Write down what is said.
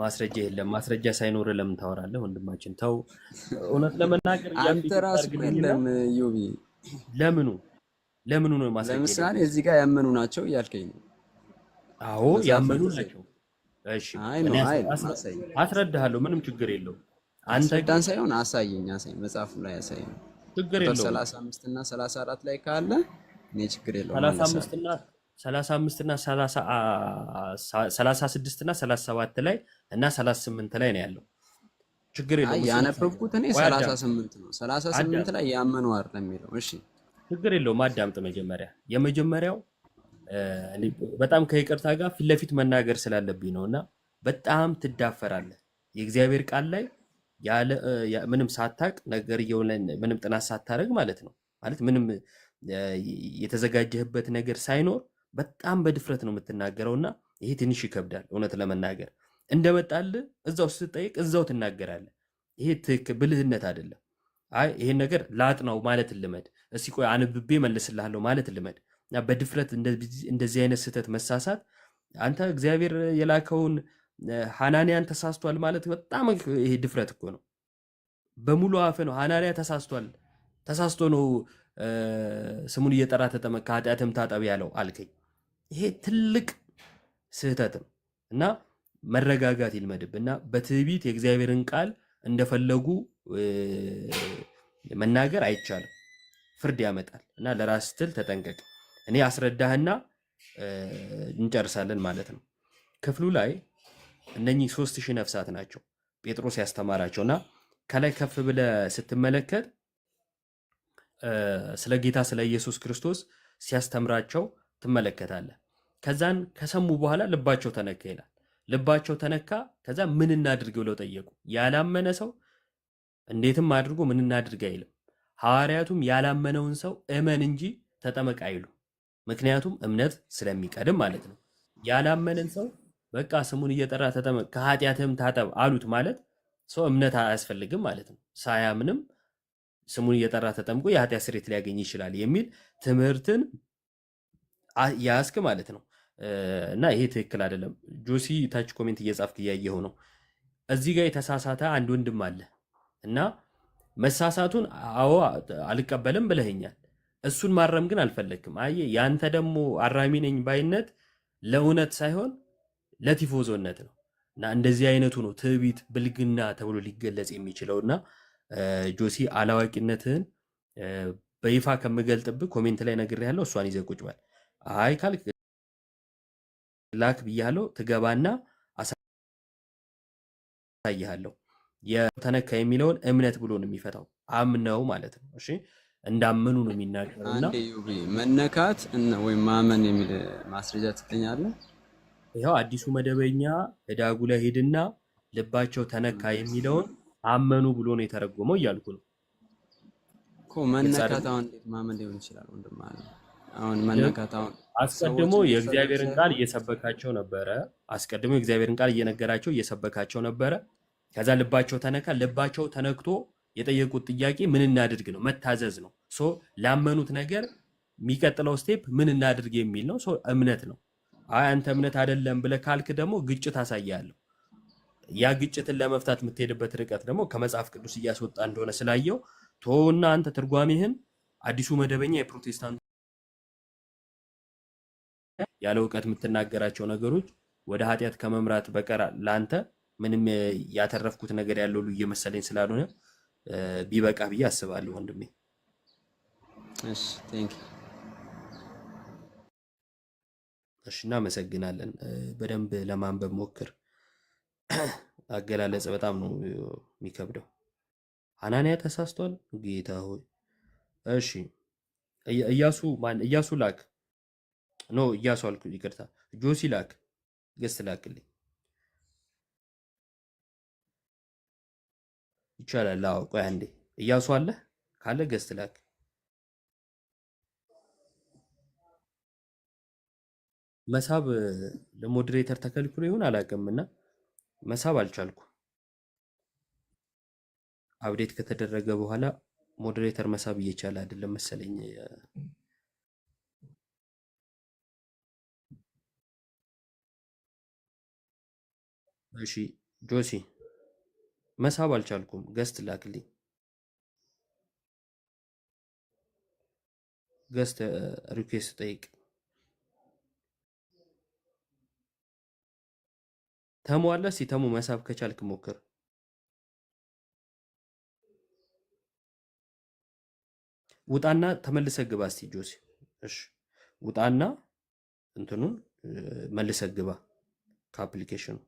ማስረጃ የለም። ማስረጃ ሳይኖር ለምን ታወራለህ? ወንድማችን ተው። እውነት ለመናገር አንተ ራስህ የለም ዩቢ ለምኑ ለምኑ ነው ማስረጃ? ለምሳሌ እዚህ ጋር ያመኑ ናቸው እያልከኝ ነው? አዎ ያመኑ ናቸው። እሺ አስረዳሃለሁ፣ ምንም ችግር የለው። አንተዳን ሳይሆን አሳየኝ፣ አሳይ መጽሐፉ ላይ አሳየኝ፣ ችግር የለው። 35 እና 34 ላይ ካለ እኔ ችግር የለው። 35 እና 35 እና 36 እና 37 ላይ እና 38 ላይ ነው ያለው። ችግር የለውም። ያነበብኩት እኔ 38 ነው። 38 ላይ ያመነው አይደለም የሚለው። እሺ ችግር የለውም። አዳምጥ። መጀመሪያ የመጀመሪያው በጣም ከይቅርታ ጋር ፊት ለፊት መናገር ስላለብኝ ነው እና በጣም ትዳፈራለህ የእግዚአብሔር ቃል ላይ ምንም ሳታቅ ነገር ምንም ጥናት ሳታደርግ ማለት ነው ማለት ምንም የተዘጋጀህበት ነገር ሳይኖር በጣም በድፍረት ነው የምትናገረው እና ይሄ ትንሽ ይከብዳል። እውነት ለመናገር እንደመጣል እዛው ስትጠይቅ እዛው ትናገራለ ይሄ ትክክል ብልህነት አይደለም። አይ ይሄን ነገር ነው ማለት ልመድ፣ እስኪ ቆይ አንብቤ መልስልሃለሁ ማለት ልመድ። በድፍረት እንደዚህ አይነት ስህተት መሳሳት አንተ እግዚአብሔር የላከውን ሃናንያን ተሳስቷል ማለት በጣም ይሄ ድፍረት እኮ ነው። በሙሉ አፈ ነው ሃናንያ ተሳስቷል፣ ተሳስቶ ነው ስሙን እየጠራ ተጠመቅ፣ ከኃጢአትም ታጠብ ያለው አልከኝ። ይሄ ትልቅ ስህተት ነው እና መረጋጋት ይልመድብ እና በትዕቢት የእግዚአብሔርን ቃል እንደፈለጉ መናገር አይቻልም። ፍርድ ያመጣል እና ለራስ ስትል ተጠንቀቅ። እኔ አስረዳህና እንጨርሳለን ማለት ነው። ክፍሉ ላይ እነኚህ ሶስት ሺህ ነፍሳት ናቸው ጴጥሮስ ያስተማራቸው እና ከላይ ከፍ ብለህ ስትመለከት ስለ ጌታ ስለ ኢየሱስ ክርስቶስ ሲያስተምራቸው ትመለከታለህ። ከዛን ከሰሙ በኋላ ልባቸው ተነካ ይላል። ልባቸው ተነካ። ከዛ ምን እናድርግ ብለው ጠየቁ። ያላመነ ሰው እንዴትም አድርጎ ምን እናድርግ አይልም። ሐዋርያቱም ያላመነውን ሰው እመን እንጂ ተጠመቅ አይሉ። ምክንያቱም እምነት ስለሚቀድም ማለት ነው። ያላመነን ሰው በቃ ስሙን እየጠራ ተጠመቅ፣ ከኃጢአትህም ታጠብ አሉት ማለት ሰው እምነት አያስፈልግም ማለት ነው። ሳያምንም ስሙን እየጠራ ተጠምቆ የኃጢአት ስርየት ሊያገኝ ይችላል የሚል ትምህርትን ያስክ ማለት ነው። እና ይሄ ትክክል አይደለም። ጆሲ ታች ኮሜንት እየጻፍክ እያየሁ ነው። እዚህ ጋር የተሳሳተ አንድ ወንድም አለ እና መሳሳቱን አዎ አልቀበልም ብለህኛል እሱን ማረም ግን አልፈለግክም። አየ ያንተ ደግሞ አራሚ ነኝ ባይነት ለእውነት ሳይሆን ለቲፎዞነት ነው። እና እንደዚህ አይነቱ ነው ትዕቢት፣ ብልግና ተብሎ ሊገለጽ የሚችለው እና ጆሲ አላዋቂነትህን በይፋ ከምገልጥብህ ኮሜንት ላይ ነግሬሃለሁ። እሷን ይዘህ ቁጭ በል። አይ ካልክ ላክ ብያለው ትገባና አሳይሃለሁ። የተነካ የሚለውን እምነት ብሎ ነው የሚፈታው። አምነው ማለት ነው። እሺ እንዳመኑ ነው የሚናገሩና መነካት ወይም ማመን የሚል ማስረጃ ትገኛለህ። ይኸው አዲሱ መደበኛ ህዳጉ ላይ ሄድና ልባቸው ተነካ የሚለውን አመኑ ብሎ ነው የተረጎመው እያልኩ ነው እኮ። መነካት አሁን ማመን ሊሆን ይችላል ወንድም አለ አሁን መነካታው አስቀድሞ የእግዚአብሔርን ቃል እየሰበካቸው ነበረ። አስቀድሞ የእግዚአብሔርን ቃል እየነገራቸው እየሰበካቸው ነበረ። ከዛ ልባቸው ተነካ። ልባቸው ተነክቶ የጠየቁት ጥያቄ ምን እናድርግ ነው፣ መታዘዝ ነው። ሶ ላመኑት ነገር የሚቀጥለው ስቴፕ ምን እናድርግ የሚል ነው። ሶ እምነት ነው። አይ አንተ እምነት አይደለም ብለህ ካልክ ደግሞ ግጭት አሳያለሁ። ያ ግጭትን ለመፍታት የምትሄድበት ርቀት ደግሞ ከመጽሐፍ ቅዱስ እያስወጣ እንደሆነ ስላየው ቶና አንተ ትርጓሜህን አዲሱ መደበኛ የፕሮቴስታንት ያለ እውቀት የምትናገራቸው ነገሮች ወደ ኃጢአት ከመምራት በቀር ለአንተ ምንም ያተረፍኩት ነገር ያለው ልዩ እየመሰለኝ ስላልሆነ ቢበቃ ብዬ አስባለሁ ወንድሜ። እሺ፣ እናመሰግናለን። በደንብ ለማንበብ ሞክር። አገላለጽ በጣም ነው የሚከብደው። ሐናንያ ተሳስቷል። ጌታ ሆይ እሺ። እያሱ ማን? እያሱ ላክ ኖ እያሱ አልኩ፣ ይቅርታ ጆሲ ላክ ገስት ላክልኝ ይቻላል። አዎ ቆይ አንዴ እያሱ አለ ካለ ገስት ላክ። መሳብ ለሞዴሬተር ተከልክሎ ይሁን ይሆን አላውቅምና መሳብ አልቻልኩ። አብዴት ከተደረገ በኋላ ሞዴሬተር መሳብ እየቻለ አይደለም መሰለኝ። እሺ ጆሲ መሳብ አልቻልኩም። ገስት ላክሊ ገስት ሪኩዌስት ጠይቅ። ተሙ አለ። እስኪ ተሙ መሳብ ከቻልክ ሞክር። ውጣና ተመልሰ ግባ። እስኪ ጆሲ እሺ፣ ውጣና እንትኑን መልሰ ግባ ከአፕሊኬሽኑ